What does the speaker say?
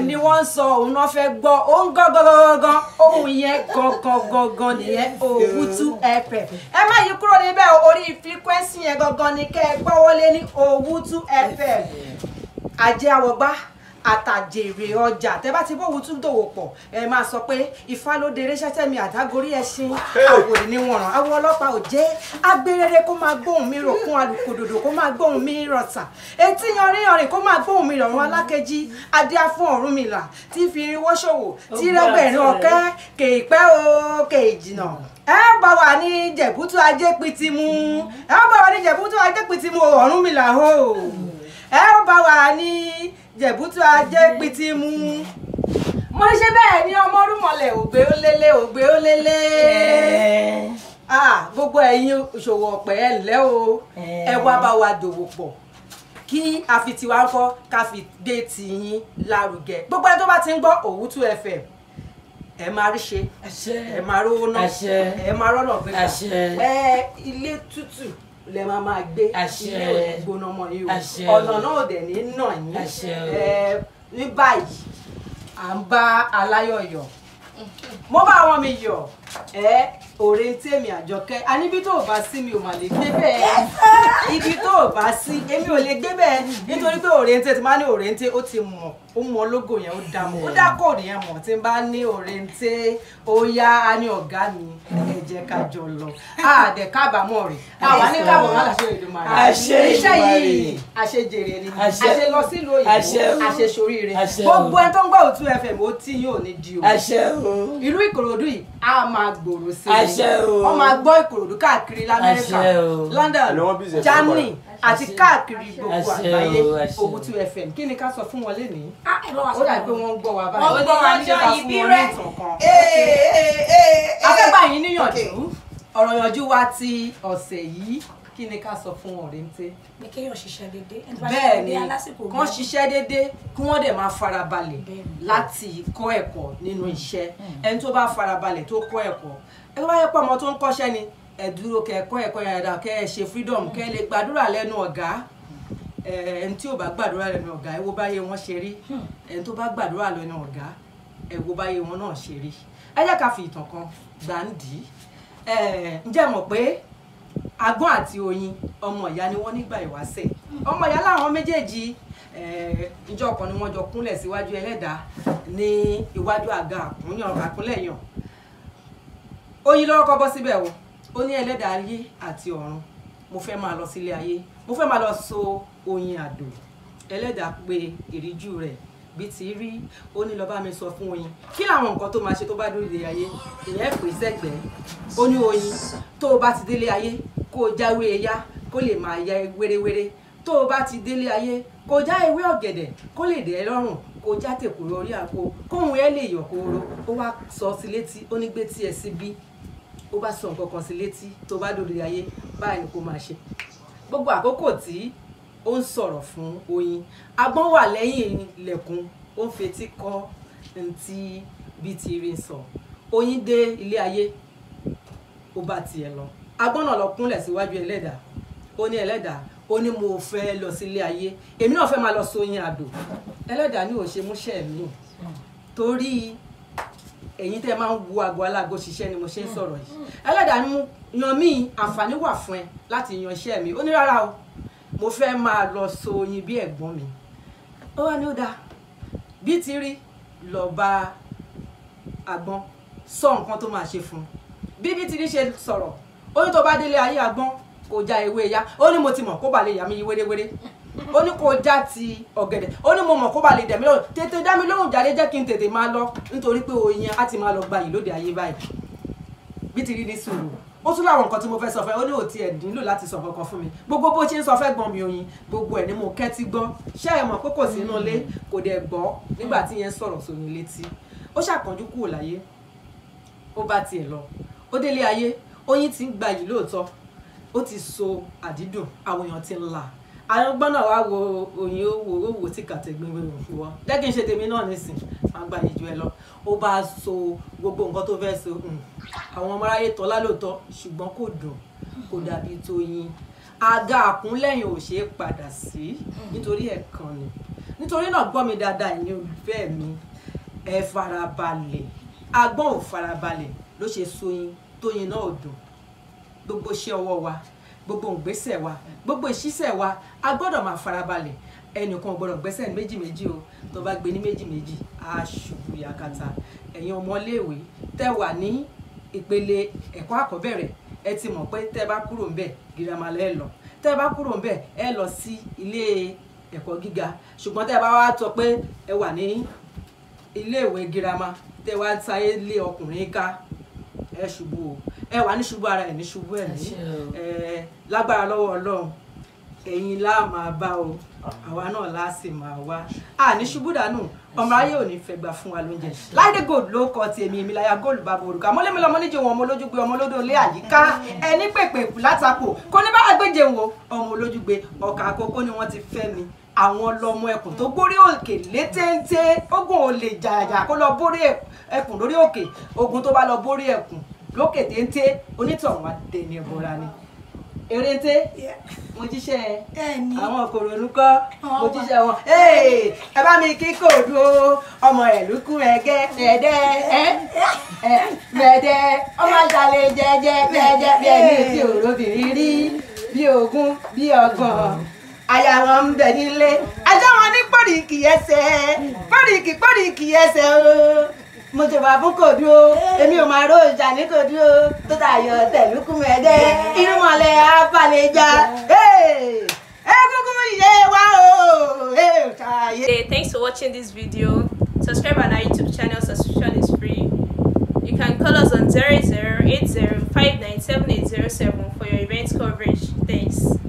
FM ni wọ́n ń sọ òun náà fẹ́ gbọ́ òun gangan ohun yẹn gangan gangan nìyẹn Owutu FM ẹ má yí kúrò níbẹ̀ orí frequency yẹn gangan ni kẹ́ ẹ gbọ́wọ́lé ní Owutu FM àjẹ àwọ̀gbá àtàjèrè ọjà tẹ bá ti bóhun tún dòwò pọ̀ ẹ máa sọ pé ifá ló dèrè ṣẹṣẹ mi àdágorí ẹṣin àwòrì ni wọn ràn àwọn ọlọ́pàá ò jẹ́ agbérere kó máa gbóhùn mi ròkun alùkòdòdò kó máa gbóhùn mi rọ̀sà etí yanrin yanrin kó máa gbóhùn mi rọ̀rùn alákejì adíá fún Ọ̀rúnmìlà tí fi irinwó ṣòwò tí rẹ́gbẹ̀rin ọ̀kẹ́ kèèpẹ́ o kèèjìnà ẹ bá wà ní jẹ̀bútú ajé pitimu ẹ bá wà ní jẹ̀bútú ajé pitimu Ọ̀rúnmìlà o ẹ ó bá wà ní jẹ̀bútú ajé pitì mú mo ṣe bẹ́ẹ̀ ni ọmọ rúmọlẹ̀ ògbé ó lélẹ̀ ògbé ó lélẹ̀ gbogbo ẹ̀yin ìṣòwò ọ̀pẹ ẹ ǹlẹ́ o ẹ wá bá wa dòwò pọ̀ kí a fi tiwa kọ́ ká fi dé tiyín lárugẹ gbogbo ẹni tó bá ti ń gbọ́ Owutu FM ẹ máa rí ṣe ẹ máa rówó náà ẹ máa rọ́nà gbégbá ilé tútù lẹ máa máa gbé ilé ò ní gbóná mọ́ yìí o ọ̀nà náà ò dẹ̀ ní nà yín ní báyìí à ń bá aláyọ̀ yọ̀ mm-hmm. mo bá wọn mi yọ̀ ẹ òre tèmi àjọkẹ́ a níbi tó o bá sí mi ò mà lè gbé bẹ́ẹ̀ ibi tó o bá sí èmi ò lè gbé bẹ́ẹ̀ nítorí pé òre tè ti máa ní òre tè ó ti mọ̀ ó mọ lógo yẹn ó dá mọ̀ ó dá kóòdù yẹn mọ̀ tí n bá ní òre tè ó yá a ní ọ̀gá mi ẹ jẹ́ ká jọ lọ a dẹ̀ kábàámọ̀ rẹ̀ a wà ní kábọ̀ má làṣẹ ìdùnmọ̀ rẹ̀ iṣẹ́ yìí àṣejèrè ni àṣe lọ sílùú òyìnbó àṣesoríire gbogbo ẹ tó ń gbọ́ òtún fm ó tí yóò ní di o ìlú Ìkòròdú yìí a má máa gbòòrò sí i wọ́n máa gbọ́ ìkòròdú káàkiri lamẹ́ríkà London Germany àti káàkiri gbogbo àgbáyé Owutu FM kí ni ká sọ fún wọn lénìí ó dà pé wọ́n ń gbọ́ wa báyìí wọ́n gbọ́ wa ní ká fún wọn ní ìtàn kan afẹ́bàyín níyànjú ọ̀rọ̀ yànjú wa ti ọ̀sẹ̀ yìí kí ni ká sọ fún ọ̀rẹ́ ń tẹ́. pé kéèyàn ṣiṣẹ́ déédéé ẹni bá ṣiṣẹ́ déédéé alásìkò bẹ́ẹ̀ kán ṣiṣẹ́ déédéé kí wọ́n dẹ̀ máa farabalẹ̀ láti kọ́ ẹ̀kọ́ nínú hmm. iṣẹ́ hmm. ẹni tó bá farabalẹ̀ tó kọ́ ẹ̀kọ́ ẹ wáyé pọ̀ ọmọ tó ń kọ́ṣẹ́ ni ẹ dúró kẹ́ kọ́ ẹ̀kọ́ yàrá kẹ́ ẹ ṣe freedom hmm. kẹ́ ẹ lè gbàdúrà lẹ́nu ọ̀gá ẹni tí ò bá gbàdúrà lẹ́nu ọ̀gá ẹ wo báyé wọn ṣe rí ẹni tó bá gbàdúrà lẹ́nu ọ̀gá ẹ wo báyé wọn náà ṣe rí ẹ jẹ́ ká fi ìtàn kan gbà ń dì í ǹjẹ́ mọ̀ pé agán àti oyin ọmọ ìyá ni wọ́n nígbà ìwáṣẹ̀ ọmọ ìyá láwọn méjèèjì ìjọ kan ni wọ́n jọ kúnlẹ̀ síwájú ẹlẹ́dàá ní iwájú àga àkúnlẹ̀yàn oyin lọ́wọ́ kọ́ bọ́ síbẹ̀ o ó ní ẹlẹ́dàá ayé àti ọ̀run mo fẹ́ máa lọ sílé ayé mo fẹ́ máa lọ so oyin àdó ẹlẹ́dàá pé ìríjú rẹ̀ bí ti rí ó ní lọ bá mi sọ fún oyin kí làwọn nǹkan tó máa ṣe tó bá dúró ilé ayé ìyẹn pè sẹ́gbẹ̀ẹ́ ó ní oyin tó o bá ti délé ayé kó o jáwé ẹyá kó lè máa ya wérewére tó o bá ti délé ayé kó o já ewé ọ̀gẹ̀dẹ̀ kó lè dẹ̀ lọ́rùn kó o já tèkùrọ̀ orí àpò kóhun ẹ lè yọ̀ kóró ó wá sọ sí létí ó ní gbé tí ẹ sí bí ó bá sọ nǹkan kan sí létí tó bá dòdò ayé báyìí ni kó máa ṣe gbogbo àkókò tí ó ń sọ̀rọ̀ fún oyin agbọ́n wà lẹ́yìn ilẹ̀kùn ó ń fetí kọ́ ntí bíi ti rí sọ oyin dé ilé ayé ó bá tiẹ̀ lọ agbọ́nà lọ kúnlẹ̀ síwájú ẹlẹ́dàá ó ní ẹlẹ́dàá ó ní mo fẹ́ lọ sílé ayé èmi náà fẹ́ máa lọ sóyin àdó ẹlẹ́dàá ní òṣè múṣẹ́ mi ò torí ẹ̀yin tẹ́ máa ń wo àgọ́ aláàgọ́ ṣiṣẹ́ ni mo ṣe ń sọ̀rọ̀ yìí ẹlẹ́dàá ní yan mí àǹfààní wà fún ẹ láti yan iṣẹ́ mi ó ní rárá o mo fẹ́ máa lọ sóyin bí ẹ̀gbọ́n mi ó wá ní ó dáa bí ti rí lọ bá àgbọn sọ nǹkan tó máa ṣe fún bí bí ti rí ṣe sọ̀rọ̀ ó ní tó bá délé ayé àgbọn kò já ewé ya ó ní mo ti mọ̀ kó bà lè yà mí wéréwéré ó ní kó já ti ọ̀gẹ̀dẹ̀ ó ní mo mọ̀ kó bà lè dẹ̀ mí tètè dá mi lóhùn jáde jẹ́ kí n tètè máa lọ nítorí pé oyin á ti máa lọ gbayì lóde ayé báyìí bí ti rí ní sùúrù ó tún láwọn nǹkan tí mo fẹ́ sọ fẹ́ ó ní òtí ẹ̀ nílò láti sọ kankan fún mi gbogbo bó ṣe ń sọ fẹ́ gbọ́n mi oyin gbogbo ẹ̀ ni mo kẹ́tí gbọ́ ṣé ẹ mọ̀ pé kò sínú ilé kò dẹ̀ gbọ́ nígbà tí yẹn sọ̀rọ̀ sóyún létí ó ṣàkànjú kúrò láyé ó bá tiẹ̀ lọ ó délé ayé oyin ti ń gba yìí lóòótọ́ ó ti so àdídùn àwọn èèyàn ti ń la àwọn gbọ́nà wa wo oyin owó owó tí kàtẹ́gbìn rẹ̀ fi wọ́ lẹ́kìn ṣe tèmi náà nísìn máa gbà yìí ju ẹ lọ ó bá so gbogbo nǹkan tó fẹ́ so hmm, àwọn ọmọ aráyé tọ́lá lóòótọ́ ṣùgbọ́n kò dùn kò dàbí tóyin aga àkúnlẹ̀yìn ò ṣeé padà sí nítorí ẹ̀kan ni nítorí náà gbọ́ mi dáadáa ìyẹn olùfẹ́ mi ẹ farabalẹ̀ agbọ́n ò farabalẹ̀ ló ṣe sóyin tóyin náà ò dùn gbogbo iṣẹ́ ọwọ́ wa gbogbo ìgbésẹ̀ wa gbogbo ìṣiṣẹ́ wa a gbọ́dọ̀ máa farabalẹ̀ ẹnìkan gbọ́dọ̀ gbẹ́sẹ̀ méjì méjì o tó bá gbé ní méjì méjì á ṣubú yakata ẹ̀yin ọmọléèwé tẹ́ wà ní ìpele ẹ̀kọ́ àkọ́bẹ̀rẹ̀ ẹ ti mọ̀ pé tẹ́ bá kúrò ń bẹ̀ girama lẹ́ lọ tẹ́ bá kúrò ń bẹ̀ ẹ lọ sí ilé ẹ̀kọ́ gíga ṣùgbọ́n tẹ́ bá wá tọ́ pé ẹ wà ní iléèwé girama tẹ́ wá táyé lé ọkùnrin ká ẹ ṣubú o ẹ wà ní ṣubú ara ẹ ní ṣubú ẹ ní lágbára lọ́wọ́ Ọlọ́run ẹ̀yin la máa bá o àwa náà la sì máa wá a ní ṣubú dànù ọmọ ayé ò ní fẹ́ gbà fún wa lóúnjẹ láìdé gold ló kọ ti èmi èmi láyà gold bá borùkọ amólémílẹ ọmọlẹ́jẹ̀ wọn ọmọ olójúgbe ọmọ olódòlé àyíká ẹni pèpè látàkò kò ní bá gbẹjẹ wọn ọmọ olójúgbe ọkà àkókò ni wọn ti fẹ́ mi àwọn lọmọ ẹkùn tó gbórí òkè létéńté ogun ò lè jàjà kó lọ bórí ẹkùn lórí òkè ogun tó bá lọ bórí ẹkùn lókè téńté onítọ̀hún àdéni ìbora ni eréńté mo jíṣẹ́ àwọn kòrònú kọ́ mo jíṣẹ́ wọn ẹ bá mi kí kòòdù ọmọ ẹ̀lúkú ẹ̀gẹ́ ẹ̀ẹ́dẹ́ ẹ̀ mẹ̀ẹ́dẹ́ ọmọ àjàlè jẹ́jẹ́ mẹ́ẹ́dẹ́ bí ẹni tí òróbìnrin rí bí ogún bí ọgbọ̀n àyà ń bẹ nílé ajá wọn ní pòríkì ẹsẹ̀ pòríkì pòríkì ẹsẹ̀ o mo ti wà fún kòdú o èmi ò máa ró ìjà ní kòdú o tó tayọ tẹlúkùn ẹdẹ irúnmọlẹ̀ abàlẹjà egungun iye wa o ṣàyè. Hey, thanks for watching this video. Subscribe on our YouTube channel. Subscription is free. You can call us on zero zero zero zero eight eight five nine seven seven for your event coverage. Thanks.